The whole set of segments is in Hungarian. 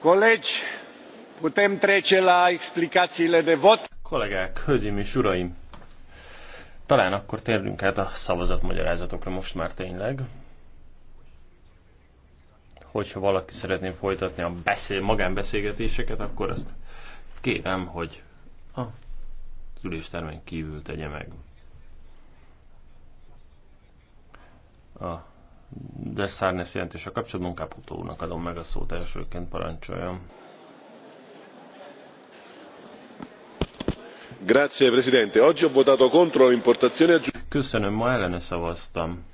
Colegi, putem trece la explicațiile de vot. Kollégák, hölgyeim és uraim, talán akkor térjünk át a szavazatmagyarázatokra most már tényleg. Hogyha valaki szeretné folytatni a beszél, magánbeszélgetéseket, akkor azt kérem, hogy a üléstermen kívül tegye meg. A de jelentés a kapcsolatban Caputónak adom meg a szót elsőként, parancsoljam. Grazie Presidente. Oggi ho votato contro l'importazione... Köszönöm, ma ellene szavaztam.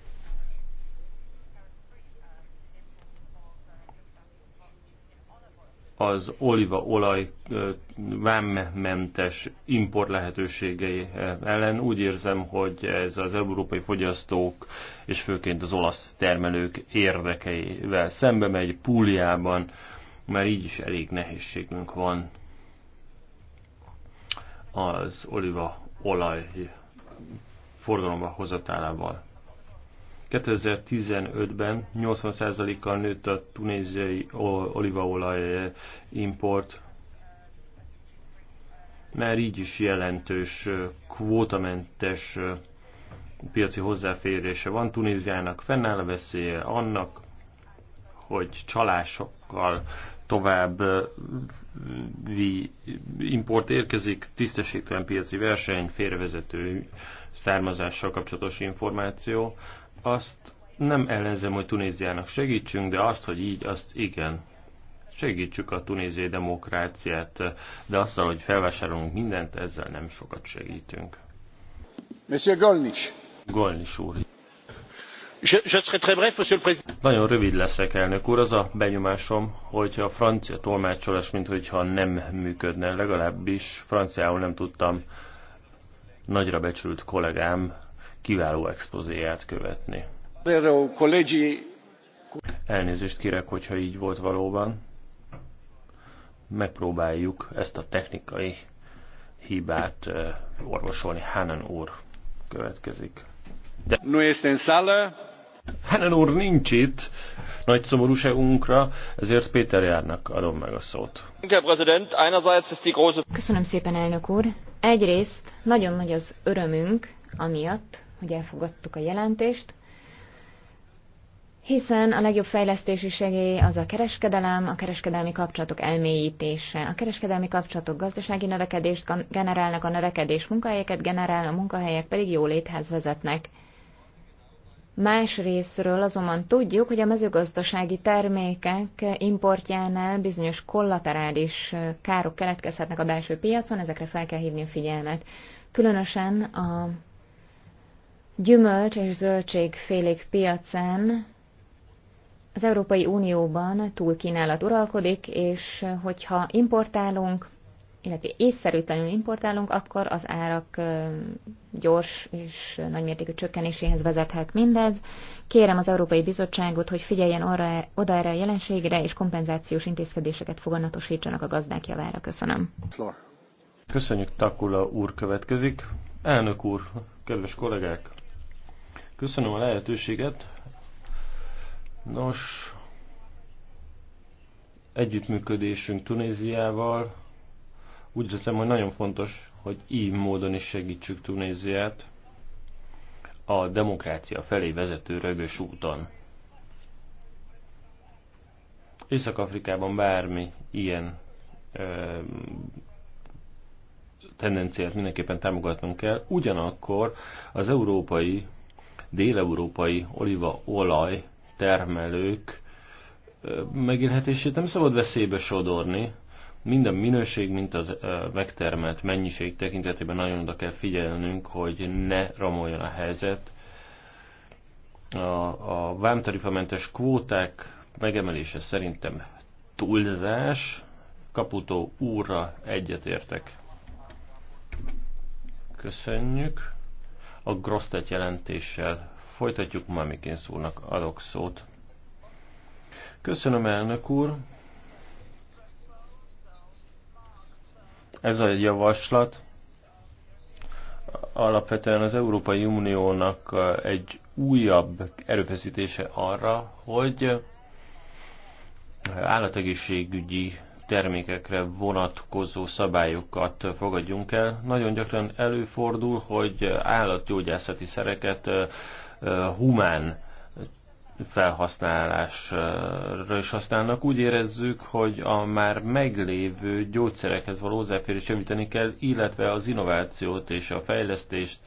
az olívaolaj vámmentes import lehetőségei ellen. Úgy érzem, hogy ez az európai fogyasztók és főként az olasz termelők érdekeivel szembe megy. Púliában már így is elég nehézségünk van az olívaolaj forgalomba hozatálával 2015-ben 80%-kal nőtt a tunéziai olívaolaj eh, import, már így is jelentős eh, kvótamentes eh, piaci hozzáférése van Tunéziának, fennáll a veszélye annak, hogy csalásokkal tovább import érkezik, tisztességtelen piaci verseny, félrevezető származással kapcsolatos információ, azt nem ellenzem, hogy Tunéziának segítsünk, de azt, hogy így, azt igen. Segítsük a tunéziai demokráciát, de azzal, hogy felvásárolunk mindent, ezzel nem sokat segítünk. Monsieur Golnis. Golnis úr. Je, je serai très bref, monsieur le président. Nagyon rövid leszek, elnök úr. Az a benyomásom, hogy a francia tolmácsolás, mint hogyha nem működne, legalábbis franciául nem tudtam nagyra becsült kollégám kiváló expozéját követni. Elnézést kérek, hogyha így volt valóban. Megpróbáljuk ezt a technikai hibát eh, orvosolni. Hanan úr következik. De... Nu este în sală. Hanan úr nincs itt, nagy szomorúságunkra, ezért Péter Járnak adom meg a szót. Köszönöm szépen, elnök úr. Egyrészt nagyon nagy az örömünk, amiatt, hogy elfogadtuk a jelentést, hiszen a legjobb fejlesztési segély az a kereskedelem, a kereskedelmi kapcsolatok elmélyítése. A kereskedelmi kapcsolatok gazdasági növekedést generálnak, a növekedés munkahelyeket generál, a munkahelyek pedig jóléthez vezetnek. Más részről azonban tudjuk, hogy a mezőgazdasági termékek importjánál bizonyos kollaterális károk keletkezhetnek a belső piacon, ezekre fel kell hívni a figyelmet. Különösen a gyümölcs és zöldség félék piacán az Európai Unióban túlkínálat uralkodik, és hogyha importálunk, illetve észszerűtlenül importálunk, akkor az árak gyors és nagymértékű csökkenéséhez vezethet mindez. Kérem az Európai Bizottságot, hogy figyeljen arra, oda erre a jelenségre, és kompenzációs intézkedéseket foganatosítsanak a gazdák javára. Köszönöm. Köszönjük, Takula úr következik. Elnök úr, kedves kollégák! Köszönöm a lehetőséget. Nos, együttműködésünk Tunéziával úgy hiszem, hogy nagyon fontos, hogy így módon is segítsük Tunéziát a demokrácia felé vezető rögös úton. Észak-Afrikában bármi ilyen ö, tendenciát mindenképpen támogatnunk kell, ugyanakkor az európai déleurópai olívaolaj termelők megélhetését nem szabad veszélybe sodorni. Minden minőség, mint az megtermelt mennyiség tekintetében nagyon oda kell figyelnünk, hogy ne romoljon a helyzet. A, a vámtarifamentes kvóták megemelése szerintem túlzás. Kaputó úrra egyetértek. Köszönjük. A Grosztet jelentéssel folytatjuk, Mamikén szólnak adok szót. Köszönöm, elnök úr! Ez a javaslat alapvetően az Európai Uniónak egy újabb erőfeszítése arra, hogy állategészségügyi termékekre vonatkozó szabályokat fogadjunk el. Nagyon gyakran előfordul, hogy állatgyógyászati szereket humán felhasználásra is használnak. Úgy érezzük, hogy a már meglévő gyógyszerekhez való hozzáférés javítani kell, illetve az innovációt és a fejlesztést,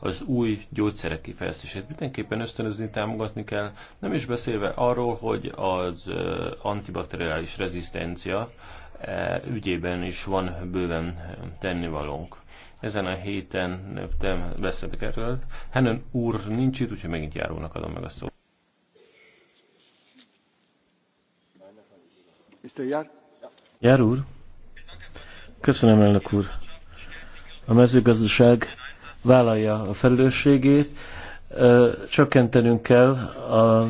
az új gyógyszerek kifejlesztését mindenképpen ösztönözni, támogatni kell, nem is beszélve arról, hogy az antibakteriális rezisztencia e, ügyében is van bőven tennivalónk. Ezen a héten beszéltek erről. Hennen úr nincs itt, úgyhogy megint járónak adom meg a szót. Mr. Jár úr? Köszönöm, elnök úr. A mezőgazdaság vállalja a felelősségét. Csökkentenünk kell a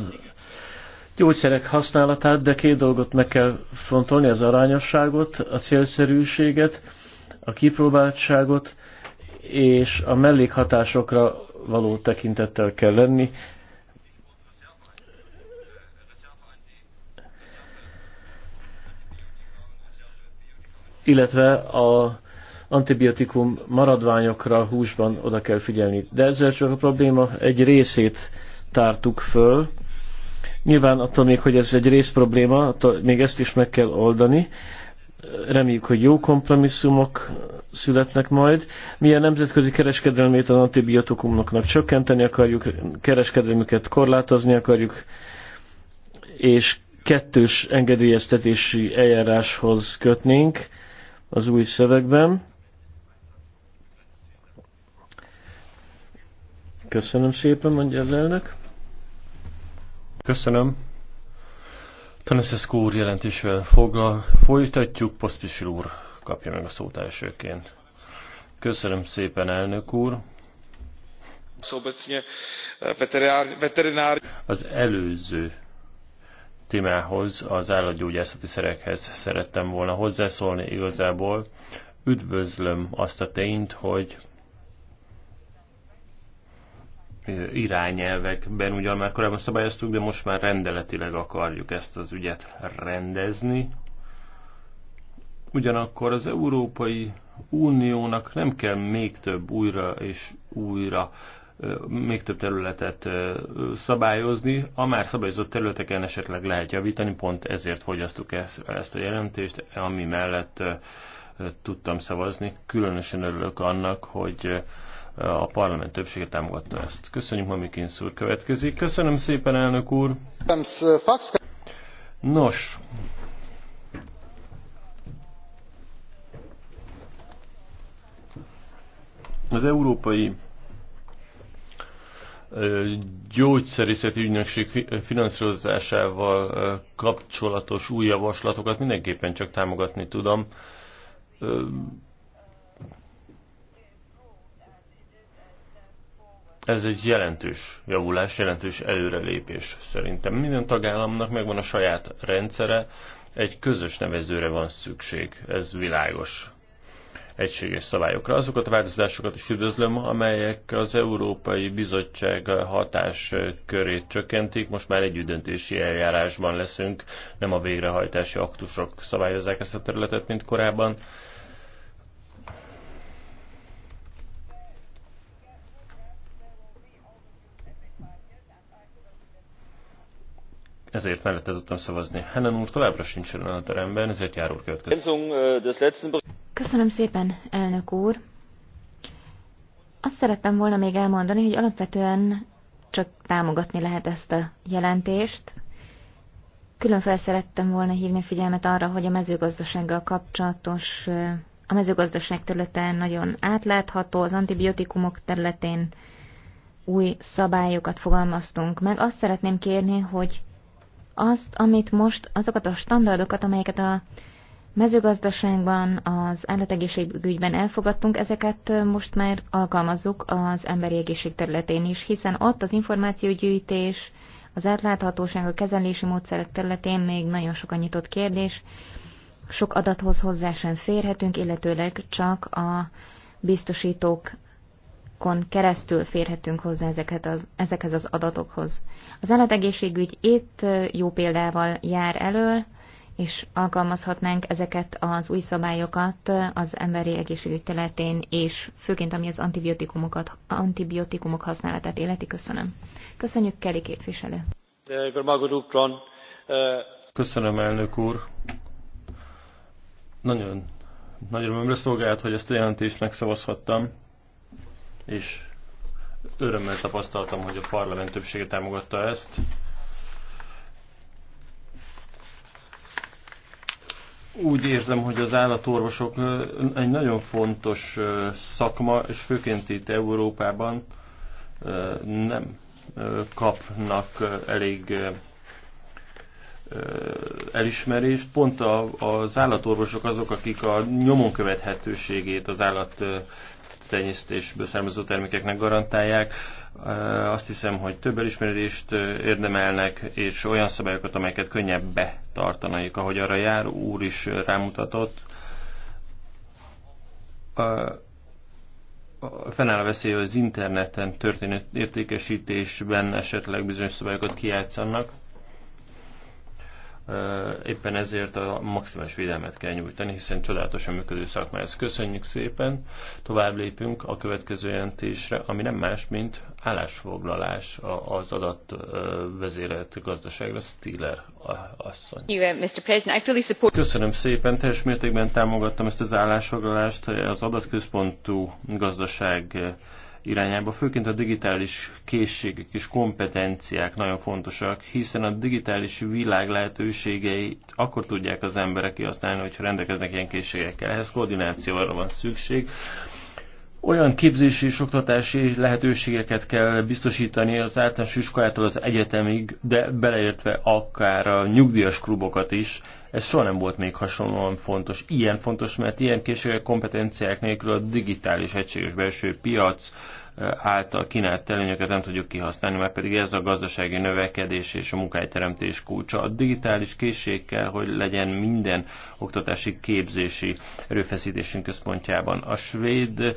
gyógyszerek használatát, de két dolgot meg kell fontolni, az arányosságot, a célszerűséget, a kipróbáltságot, és a mellékhatásokra való tekintettel kell lenni, illetve a antibiotikum maradványokra húsban oda kell figyelni. De ezzel csak a probléma egy részét tártuk föl. Nyilván attól még, hogy ez egy részprobléma, attól még ezt is meg kell oldani. Reméljük, hogy jó kompromisszumok születnek majd. Mi a nemzetközi kereskedelmét az antibiotikumoknak csökkenteni akarjuk, kereskedelmüket korlátozni akarjuk, és kettős engedélyeztetési eljáráshoz kötnénk az új szövegben. Köszönöm szépen, mondja az elnök. Köszönöm. Tanaszeszkó úr jelentésvel foglal. Folytatjuk, Posztisil úr kapja meg a szót elsőként. Köszönöm szépen, elnök úr. Szóval az előző témához, az állatgyógyászati szerekhez szerettem volna hozzászólni igazából. Üdvözlöm azt a tényt, hogy irányelvekben ugyan már korábban szabályoztuk, de most már rendeletileg akarjuk ezt az ügyet rendezni. Ugyanakkor az Európai Uniónak nem kell még több újra és újra még több területet szabályozni, a már szabályozott területeken esetleg lehet javítani, pont ezért fogyasztuk e-, ezt a jelentést, ami mellett tudtam szavazni. Különösen örülök annak, hogy a parlament többsége támogatta ezt. Köszönjük, Mamikin úr következik. Köszönöm szépen, elnök úr! Nos, az európai gyógyszerészeti ügynökség finanszírozásával kapcsolatos új javaslatokat mindenképpen csak támogatni tudom. Ez egy jelentős javulás, jelentős előrelépés szerintem. Minden tagállamnak megvan a saját rendszere, egy közös nevezőre van szükség, ez világos egységes szabályokra. Azokat a változásokat is üdvözlöm, amelyek az Európai Bizottság hatáskörét csökkentik. Most már egy döntési eljárásban leszünk, nem a végrehajtási aktusok szabályozzák ezt a területet, mint korábban. ezért mellette tudtam szavazni. Hennen úr továbbra sincs a teremben, ezért járul úr következő. Köszönöm szépen, elnök úr. Azt szerettem volna még elmondani, hogy alapvetően csak támogatni lehet ezt a jelentést. Külön fel szerettem volna hívni figyelmet arra, hogy a mezőgazdasággal kapcsolatos, a mezőgazdaság területen nagyon átlátható, az antibiotikumok területén új szabályokat fogalmaztunk meg. Azt szeretném kérni, hogy azt, amit most, azokat a standardokat, amelyeket a mezőgazdaságban, az állategészségügyben elfogadtunk, ezeket most már alkalmazzuk az emberi egészség területén is, hiszen ott az információgyűjtés, az átláthatóság, a kezelési módszerek területén még nagyon sok a nyitott kérdés, sok adathoz hozzá sem férhetünk, illetőleg csak a biztosítók keresztül férhetünk hozzá ezeket az, ezekhez az adatokhoz. Az állategészségügy itt jó példával jár elő, és alkalmazhatnánk ezeket az új szabályokat az emberi egészségügy területén, és főként ami az antibiotikumokat, antibiotikumok használatát életi. Köszönöm. Köszönjük, Keli képviselő. Köszönöm, elnök úr. Nagyon nagy örömmel szolgált, hogy ezt a jelentést megszavazhattam, és örömmel tapasztaltam, hogy a parlament többsége támogatta ezt. úgy érzem, hogy az állatorvosok egy nagyon fontos szakma, és főként itt Európában nem kapnak elég elismerést. Pont az állatorvosok azok, akik a nyomon követhetőségét az állat tenyésztésből származó termékeknek garantálják. Azt hiszem, hogy több elismerést érdemelnek, és olyan szabályokat, amelyeket könnyebb betartanaik, ahogy arra jár, úr is rámutatott. Fennáll a veszély, hogy az interneten történő értékesítésben esetleg bizonyos szabályokat kiátszanak éppen ezért a maximális védelmet kell nyújtani, hiszen csodálatosan működő szakma ezt Köszönjük szépen, tovább lépünk a következő jelentésre, ami nem más, mint állásfoglalás az adatvezérelt gazdaságra, Stiller asszony. Uh, Köszönöm szépen, teljes mértékben támogattam ezt az állásfoglalást, az adatközpontú gazdaság irányába, főként a digitális készségek és kompetenciák nagyon fontosak, hiszen a digitális világ lehetőségeit akkor tudják az emberek kihasználni, hogyha rendelkeznek ilyen készségekkel. Ehhez koordinációra van szükség, olyan képzési és oktatási lehetőségeket kell biztosítani az általános iskolától az egyetemig, de beleértve akár a nyugdíjas klubokat is. Ez soha nem volt még hasonlóan fontos. Ilyen fontos, mert ilyen készségek, kompetenciák nélkül a digitális egységes belső piac, által kínált előnyöket nem tudjuk kihasználni, mert pedig ez a gazdasági növekedés és a munkájteremtés kulcsa. A digitális készség kell, hogy legyen minden oktatási képzési erőfeszítésünk központjában. A svéd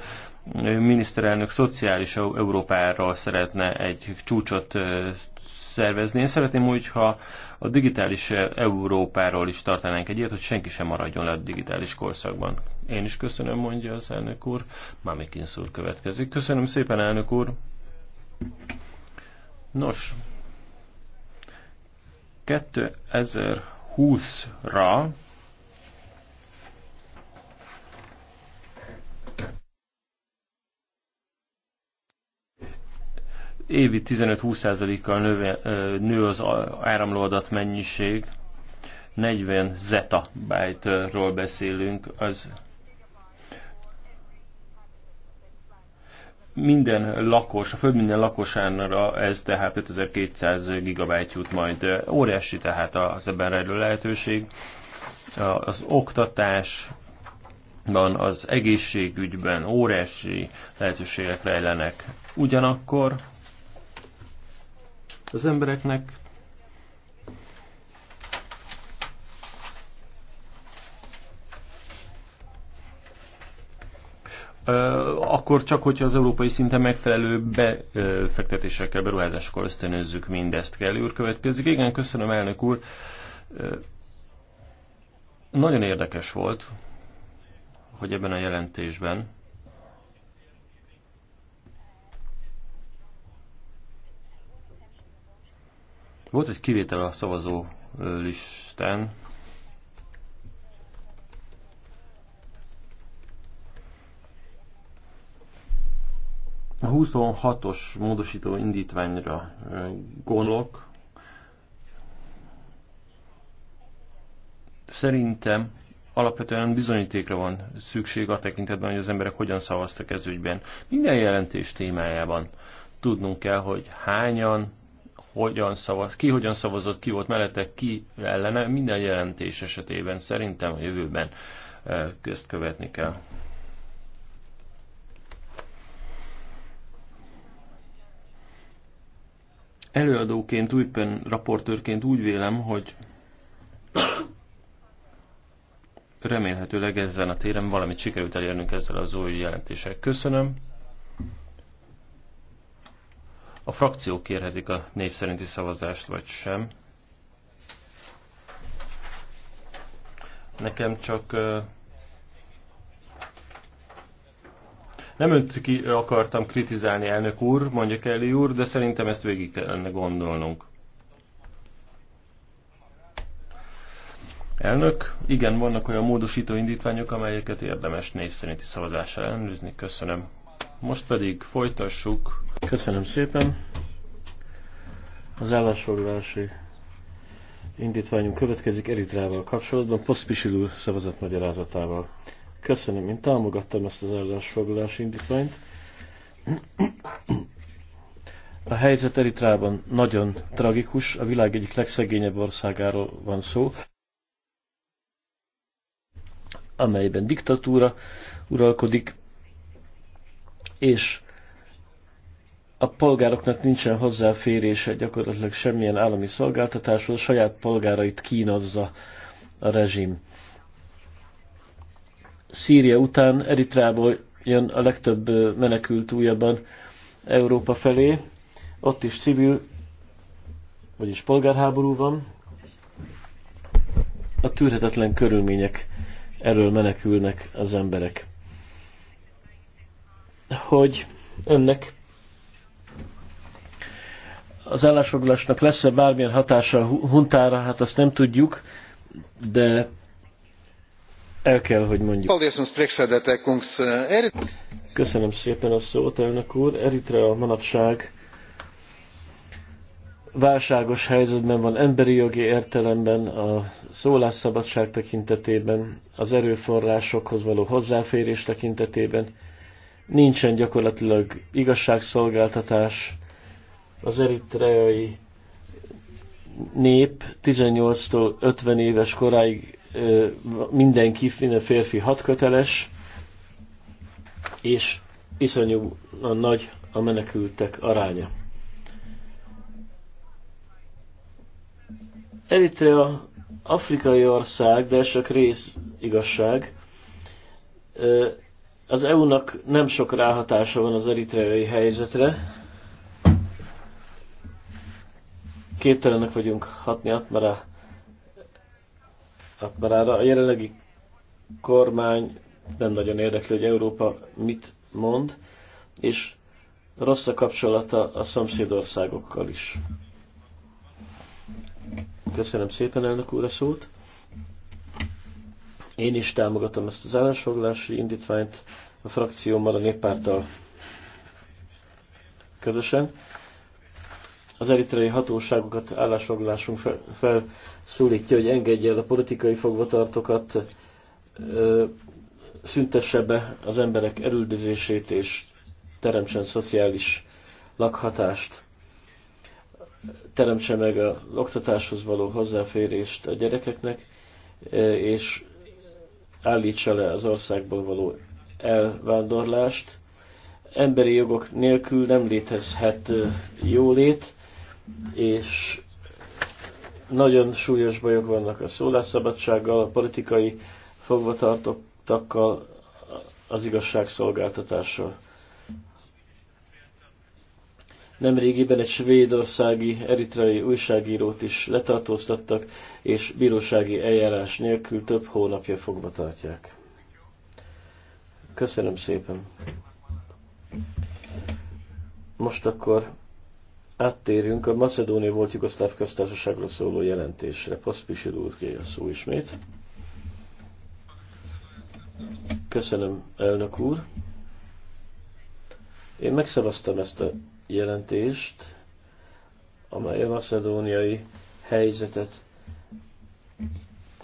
miniszterelnök szociális Európáról szeretne egy csúcsot szervezni. Én szeretném, hogyha a digitális Európáról is tartanánk egy ilyet, hogy senki sem maradjon le a digitális korszakban. Én is köszönöm, mondja az elnök úr. Mamikins úr következik. Köszönöm szépen, elnök úr. Nos, 2020-ra évi 15-20%-kal nő, az áramlóadat mennyiség, 40 zeta byte-ról beszélünk, az minden lakos, a Föld minden lakosánra ez tehát 5200 gigabyte jut majd. Óriási tehát az ebben rejlő lehetőség. Az oktatásban, az egészségügyben óriási lehetőségek rejlenek. Ugyanakkor az embereknek. Akkor csak, hogyha az európai szinten megfelelő befektetésekkel, beruházásokkal ösztönözzük mindezt. Kell úr következik. Igen, köszönöm elnök úr. Nagyon érdekes volt, hogy ebben a jelentésben Volt egy kivétel a szavazó listán. A 26-os módosító indítványra gondolok. Szerintem alapvetően bizonyítékra van szükség a tekintetben, hogy az emberek hogyan szavaztak ez ügyben. Minden jelentés témájában tudnunk kell, hogy hányan, hogyan szavaz, ki hogyan szavazott, ki volt mellette, ki ellene, minden jelentés esetében szerintem a jövőben e, ezt követni kell. Előadóként, újpen raportőrként úgy vélem, hogy remélhetőleg ezen a téren valamit sikerült elérnünk ezzel az új jelentéssel. Köszönöm. A frakciók kérhetik a név szerinti szavazást, vagy sem. Nekem csak nem önt ki akartam kritizálni, elnök úr, mondja Kelly úr, de szerintem ezt végig kellene gondolnunk. Elnök, igen, vannak olyan módosító indítványok, amelyeket érdemes név szerinti szavazással ellenőrizni. Köszönöm. Most pedig folytassuk. Köszönöm szépen. Az állásfoglalási indítványunk következik Eritrával kapcsolatban, posztpisilú szavazatmagyarázatával. Köszönöm, én támogattam ezt az állásfoglalási indítványt. A helyzet Eritrában nagyon tragikus, a világ egyik legszegényebb országáról van szó, amelyben diktatúra uralkodik, és a polgároknak nincsen hozzáférése gyakorlatilag semmilyen állami szolgáltatáshoz, a saját polgárait kínozza a rezsim. Szíria után Eritrából jön a legtöbb menekült újabban Európa felé, ott is civil, vagyis polgárháború van, a tűrhetetlen körülmények elől menekülnek az emberek hogy önnek az állásfoglalásnak lesz-e bármilyen hatása a huntára, hát azt nem tudjuk, de el kell, hogy mondjuk. Köszönöm szépen a szót, elnök úr. Eritrea manapság válságos helyzetben van emberi jogi értelemben, a szólásszabadság tekintetében, az erőforrásokhoz való hozzáférés tekintetében, nincsen gyakorlatilag igazságszolgáltatás, az eritreai nép 18-tól 50 éves koráig mindenki, minden férfi hatköteles, és iszonyúan nagy a menekültek aránya. Eritrea afrikai ország, de ez csak rész igazság. Az EU-nak nem sok ráhatása van az eritreai helyzetre. Képtelenek vagyunk hatni Atmará, Atmarára. A jelenlegi kormány nem nagyon érdekli, hogy Európa mit mond, és rossz a kapcsolata a szomszédországokkal is. Köszönöm szépen, elnök úr, a szót. Én is támogatom ezt az állásfoglalási indítványt a frakciómmal, a néppárttal közösen. Az eritrei hatóságokat állásfoglalásunk fel, felszólítja, hogy engedje el a politikai fogvatartokat, ö, szüntesse be az emberek erüldözését és teremtsen szociális lakhatást, teremtse meg az oktatáshoz való hozzáférést a gyerekeknek, és állítsa le az országból való elvándorlást. Emberi jogok nélkül nem létezhet jólét, és nagyon súlyos bajok vannak a szólásszabadsággal, a politikai fogvatartottakkal, az igazságszolgáltatással. Nemrégiben egy svédországi eritreai újságírót is letartóztattak, és bírósági eljárás nélkül több hónapja fogva tartják. Köszönöm szépen. Most akkor áttérünk a Macedónia volt Jugoszláv köztársaságról szóló jelentésre. Paszpisi úr a szó ismét. Köszönöm, elnök úr. Én megszavaztam ezt a jelentést, amely a macedóniai helyzetet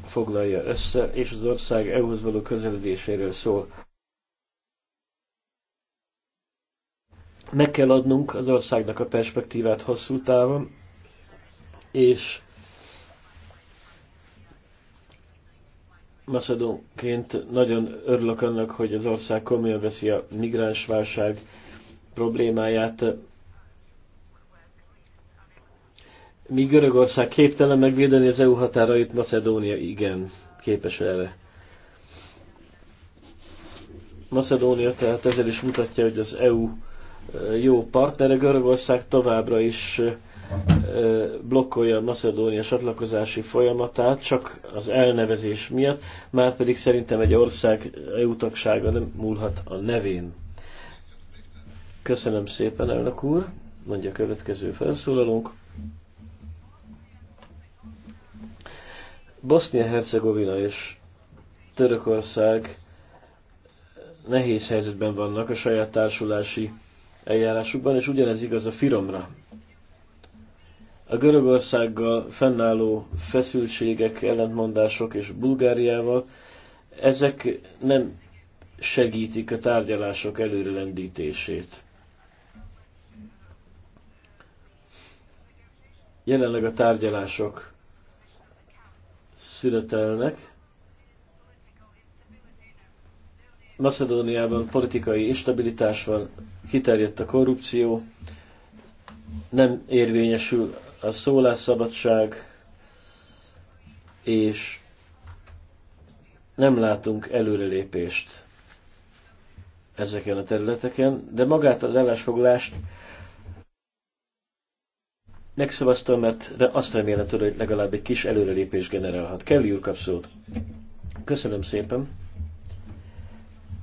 foglalja össze, és az ország EU-hoz való közeledéséről szól. Meg kell adnunk az országnak a perspektívát hosszú távon, és Macedónként nagyon örülök annak, hogy az ország komolyan veszi a migránsválság problémáját, míg Görögország képtelen megvédeni az EU határait, Macedónia igen, képes erre. Macedónia tehát ezzel is mutatja, hogy az EU eh, jó partnere, Görögország továbbra is eh, blokkolja a Macedónia csatlakozási folyamatát, csak az elnevezés miatt, már pedig szerintem egy ország EU tagsága nem múlhat a nevén. Köszönöm szépen, elnök úr, mondja a következő felszólalónk. Bosznia-Hercegovina és Törökország nehéz helyzetben vannak a saját társulási eljárásukban, és ugyanez igaz a Firomra. A Görögországgal fennálló feszültségek, ellentmondások és Bulgáriával, ezek nem segítik a tárgyalások előrelendítését. Jelenleg a tárgyalások születelnek. Macedóniában politikai instabilitás van, kiterjedt a korrupció, nem érvényesül a szólásszabadság, és nem látunk előrelépést ezeken a területeken, de magát az ellásfoglást megszavaztam, mert de azt remélem tőle, hogy legalább egy kis előrelépés generálhat. Kelly úr kap szót. Köszönöm szépen.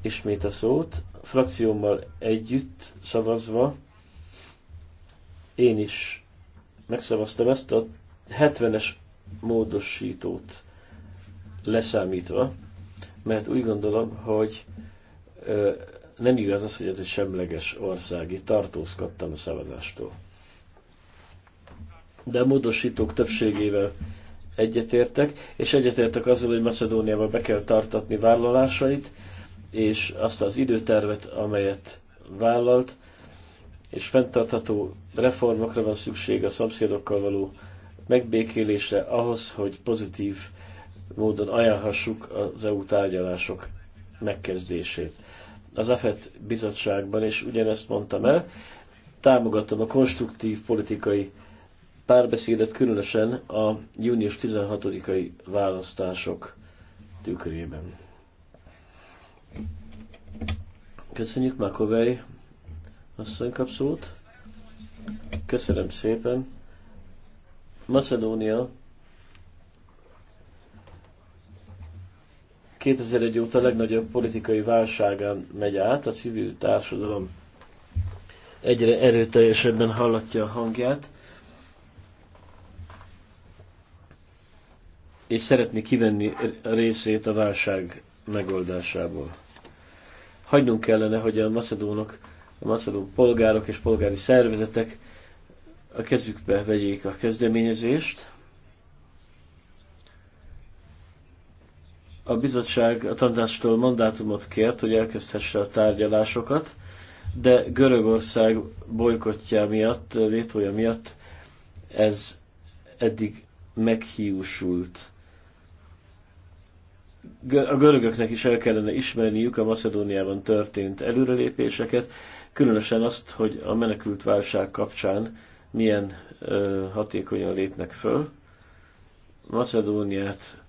Ismét a szót. A frakciómmal együtt szavazva én is megszavaztam ezt a 70-es módosítót leszámítva, mert úgy gondolom, hogy ö, nem igaz az, hogy ez egy semleges ország. Itt tartózkodtam a szavazástól de a módosítók többségével egyetértek, és egyetértek azzal, hogy Macedóniába be kell tartatni vállalásait, és azt az időtervet, amelyet vállalt, és fenntartható reformokra van szükség a szomszédokkal való megbékélésre ahhoz, hogy pozitív módon ajánlhassuk az EU tárgyalások megkezdését. Az AFET bizottságban, és ugyanezt mondtam el, támogatom a konstruktív politikai párbeszédet különösen a június 16-ai választások tükrében. Köszönjük Makovej asszony kapszót. Köszönöm szépen. Macedónia 2001 óta legnagyobb politikai válságán megy át, a civil társadalom egyre erőteljesebben hallatja a hangját. és szeretné kivenni részét a válság megoldásából. Hagynunk kellene, hogy a macedónok, a macedón polgárok és polgári szervezetek a kezükbe vegyék a kezdeményezést. A bizottság a tanácstól mandátumot kért, hogy elkezdhesse a tárgyalásokat, de Görögország bolykotja miatt, vétója miatt ez eddig meghiúsult a görögöknek is el kellene ismerniük a Macedóniában történt előrelépéseket, különösen azt, hogy a menekült válság kapcsán milyen ö, hatékonyan lépnek föl. Macedóniát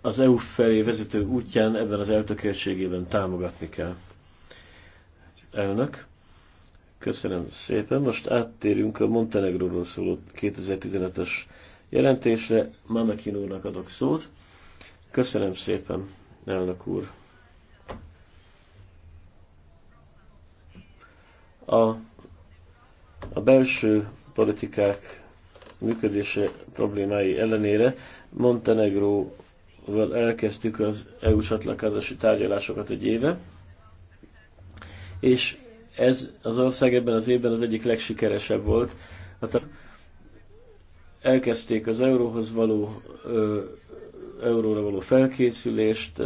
az EU felé vezető útján ebben az eltökéltségében támogatni kell. Elnök, köszönöm szépen. Most áttérünk a Montenegróról szóló 2015-es jelentésre. Mamekin úrnak adok szót. Köszönöm szépen, elnök úr. A, a belső politikák működése problémái ellenére Montenegróval elkezdtük az EU csatlakozási tárgyalásokat egy éve, és ez az ország ebben az évben az egyik legsikeresebb volt. Hát a elkezdték az euróhoz való, euróra való felkészülést,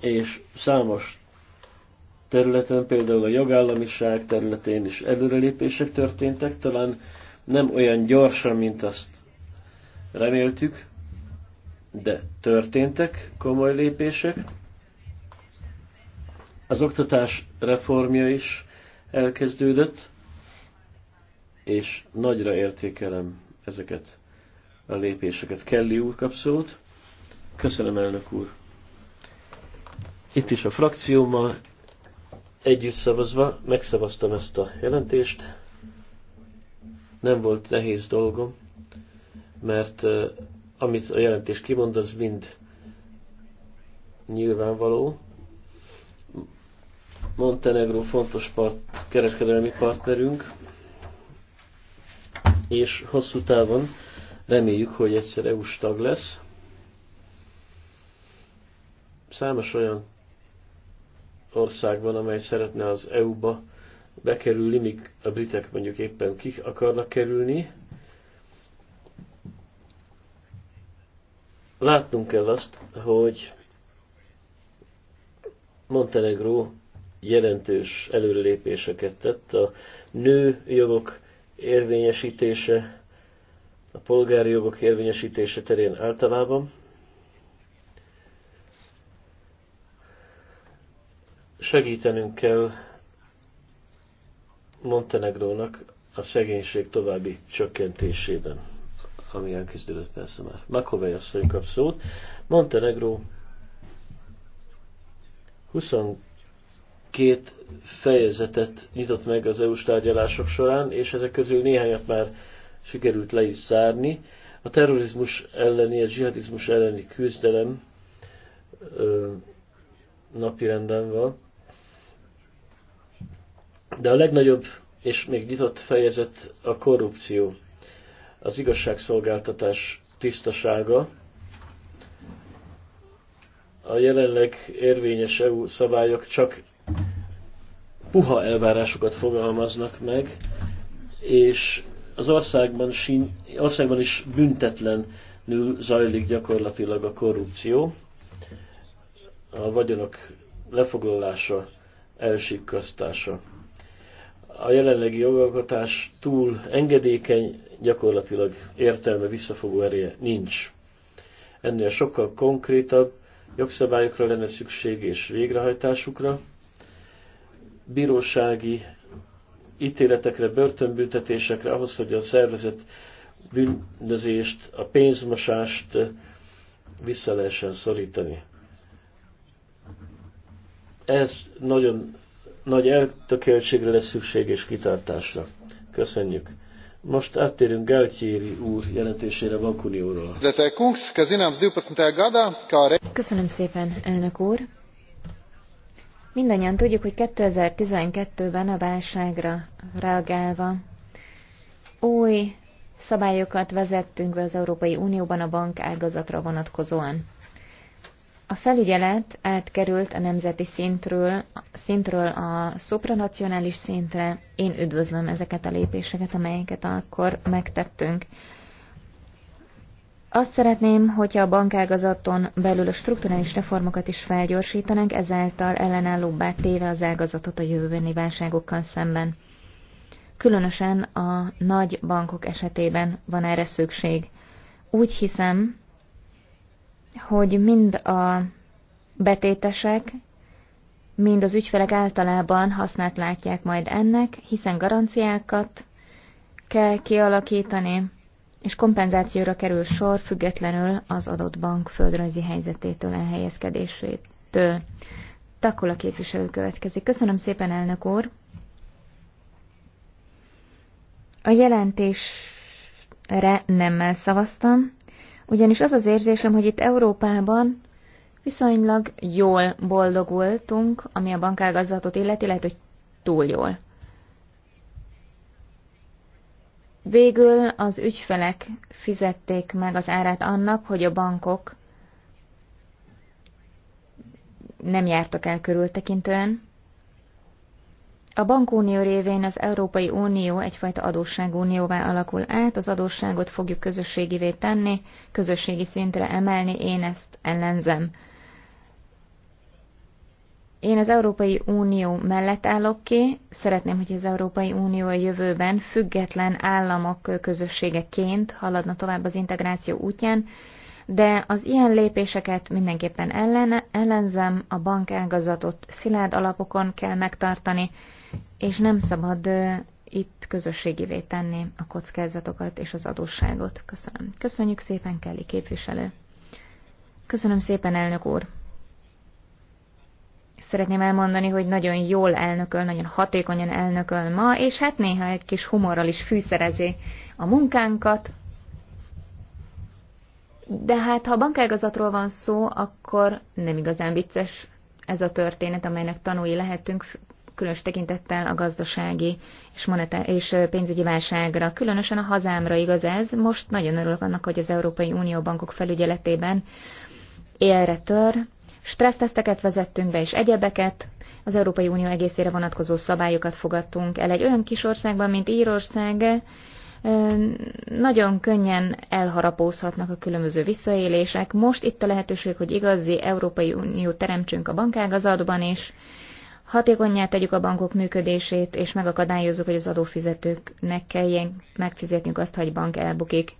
és számos területen, például a jogállamiság területén is előrelépések történtek, talán nem olyan gyorsan, mint azt reméltük, de történtek komoly lépések. Az oktatás reformja is elkezdődött, és nagyra értékelem ezeket a lépéseket. Kelly úr kap szót. Köszönöm, elnök úr. Itt is a frakciómmal együtt szavazva megszavaztam ezt a jelentést. Nem volt nehéz dolgom, mert amit a jelentés kimond, az mind nyilvánvaló. Montenegro fontos part, kereskedelmi partnerünk, és hosszú távon reméljük, hogy egyszer EU-s tag lesz. Számos olyan országban, amely szeretne az EU-ba bekerülni, míg a britek mondjuk éppen kik akarnak kerülni. Látnunk kell azt, hogy Montenegro jelentős előrelépéseket tett a nő jogok érvényesítése, a polgári jogok érvényesítése terén általában. Segítenünk kell Montenegrónak a szegénység további csökkentésében, ami elkezdődött persze már. Makovej asszony kap szót. Montenegró 20 két fejezetet nyitott meg az EU-s tárgyalások során, és ezek közül néhányat már sikerült le is zárni. A terrorizmus elleni, a zsihadizmus elleni küzdelem ö, napirenden van. De a legnagyobb és még nyitott fejezet a korrupció, az igazságszolgáltatás tisztasága, a jelenleg érvényes EU szabályok csak puha elvárásokat fogalmaznak meg, és az országban, sin, országban is büntetlenül zajlik gyakorlatilag a korrupció. A vagyonok lefoglalása, elsikkasztása. A jelenlegi jogalkotás túl engedékeny, gyakorlatilag értelme visszafogó ereje nincs. Ennél sokkal konkrétabb jogszabályokra lenne szükség és végrehajtásukra bírósági ítéletekre, börtönbüntetésekre, ahhoz, hogy a szervezet bűnözést, a pénzmosást vissza lehessen szorítani. Ez nagyon nagy eltökéltségre lesz szükség és kitartásra. Köszönjük. Most áttérünk Gáltyéri úr jelentésére Bankuni úrról. Köszönöm szépen, elnök úr. Mindannyian tudjuk, hogy 2012-ben a válságra reagálva új szabályokat vezettünk be az Európai Unióban a bank ágazatra vonatkozóan. A felügyelet átkerült a nemzeti szintről, szintről a szupranacionális szintre. Én üdvözlöm ezeket a lépéseket, amelyeket akkor megtettünk. Azt szeretném, hogyha a bankágazaton belül a strukturális reformokat is felgyorsítanánk, ezáltal ellenállóbbá téve az ágazatot a jövőbeni válságokkal szemben. Különösen a nagy bankok esetében van erre szükség. Úgy hiszem, hogy mind a betétesek, mind az ügyfelek általában hasznát látják majd ennek, hiszen garanciákat kell kialakítani, és kompenzációra kerül sor függetlenül az adott bank földrajzi helyzetétől, elhelyezkedésétől. Takula képviselő következik. Köszönöm szépen, elnök úr! A jelentésre nemmel szavaztam, ugyanis az az érzésem, hogy itt Európában viszonylag jól boldogultunk, ami a bankágazatot illeti, lehet, hogy túl jól. Végül az ügyfelek fizették meg az árát annak, hogy a bankok nem jártak el körültekintően. A bankunió révén az Európai Unió egyfajta adósságunióvá alakul át, az adósságot fogjuk közösségivé tenni, közösségi szintre emelni, én ezt ellenzem. Én az Európai Unió mellett állok ki, szeretném, hogy az Európai Unió a jövőben független államok közösségeként haladna tovább az integráció útján, de az ilyen lépéseket mindenképpen ellen, ellenzem, a bankágazatot szilárd alapokon kell megtartani, és nem szabad itt közösségivé tenni a kockázatokat és az adósságot. Köszönöm. Köszönjük szépen, Kelly képviselő. Köszönöm szépen, elnök úr szeretném elmondani, hogy nagyon jól elnököl, nagyon hatékonyan elnököl ma, és hát néha egy kis humorral is fűszerezi a munkánkat. De hát, ha a bankágazatról van szó, akkor nem igazán vicces ez a történet, amelynek tanúi lehetünk, különös tekintettel a gazdasági és, monetá- és pénzügyi válságra. Különösen a hazámra igaz ez. Most nagyon örülök annak, hogy az Európai Unió bankok felügyeletében élre tör, stresszteszteket vezettünk be, és egyebeket, az Európai Unió egészére vonatkozó szabályokat fogadtunk el. Egy olyan kis országban, mint Írország, nagyon könnyen elharapózhatnak a különböző visszaélések. Most itt a lehetőség, hogy igazi Európai Unió teremtsünk a bankágazatban is, hatékonyá tegyük a bankok működését, és megakadályozzuk, hogy az adófizetőknek kelljen megfizetniük azt, hogy bank elbukik.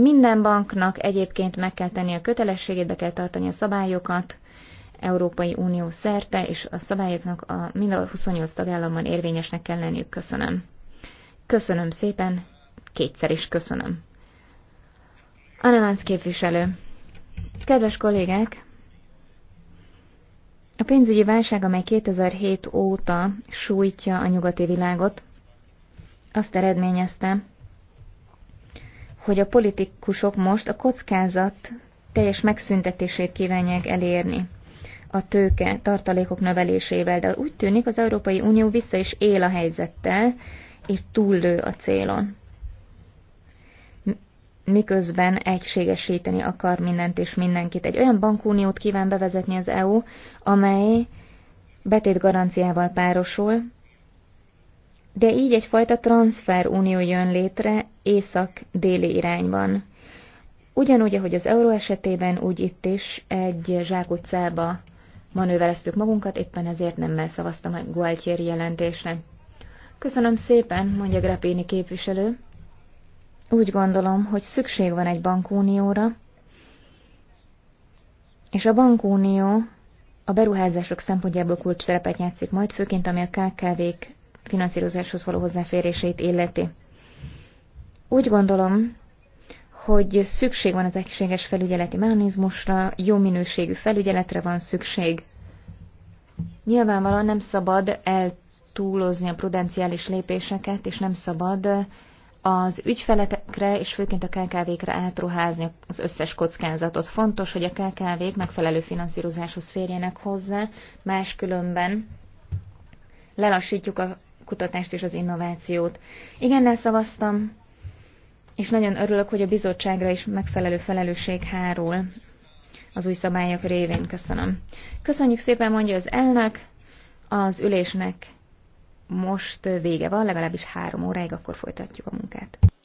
Minden banknak egyébként meg kell tenni a kötelességét, be kell tartani a szabályokat, Európai Unió szerte, és a szabályoknak a mind a 28 tagállamban érvényesnek kell lenniük. Köszönöm. Köszönöm szépen, kétszer is köszönöm. Anemánsz képviselő. Kedves kollégák! A pénzügyi válság, amely 2007 óta sújtja a nyugati világot, azt eredményezte, hogy a politikusok most a kockázat teljes megszüntetését kívánják elérni a tőke tartalékok növelésével, de úgy tűnik az Európai Unió vissza is él a helyzettel, és túllő a célon. Miközben egységesíteni akar mindent és mindenkit. Egy olyan bankuniót kíván bevezetni az EU, amely betét garanciával párosul, de így egyfajta transferunió jön létre észak-déli irányban. Ugyanúgy, ahogy az euró esetében, úgy itt is egy zsákutcába manővereztük magunkat, éppen ezért nem szavaztam a Gualtieri jelentésre. Köszönöm szépen, mondja Grappini képviselő. Úgy gondolom, hogy szükség van egy bankunióra, és a bankunió a beruházások szempontjából kulcs szerepet játszik majd, főként ami a KKV-k finanszírozáshoz való hozzáférését illeti. Úgy gondolom, hogy szükség van az egységes felügyeleti mechanizmusra, jó minőségű felügyeletre van szükség. Nyilvánvalóan nem szabad eltúlozni a prudenciális lépéseket, és nem szabad az ügyfelekre és főként a KKV-kre átruházni az összes kockázatot. Fontos, hogy a KKV-k megfelelő finanszírozáshoz férjenek hozzá, máskülönben lelassítjuk a kutatást és az innovációt. Igennel szavaztam és nagyon örülök, hogy a bizottságra is megfelelő felelősség hárul az új szabályok révén. Köszönöm. Köszönjük szépen, mondja az elnök. Az ülésnek most vége van, legalábbis három óráig, akkor folytatjuk a munkát.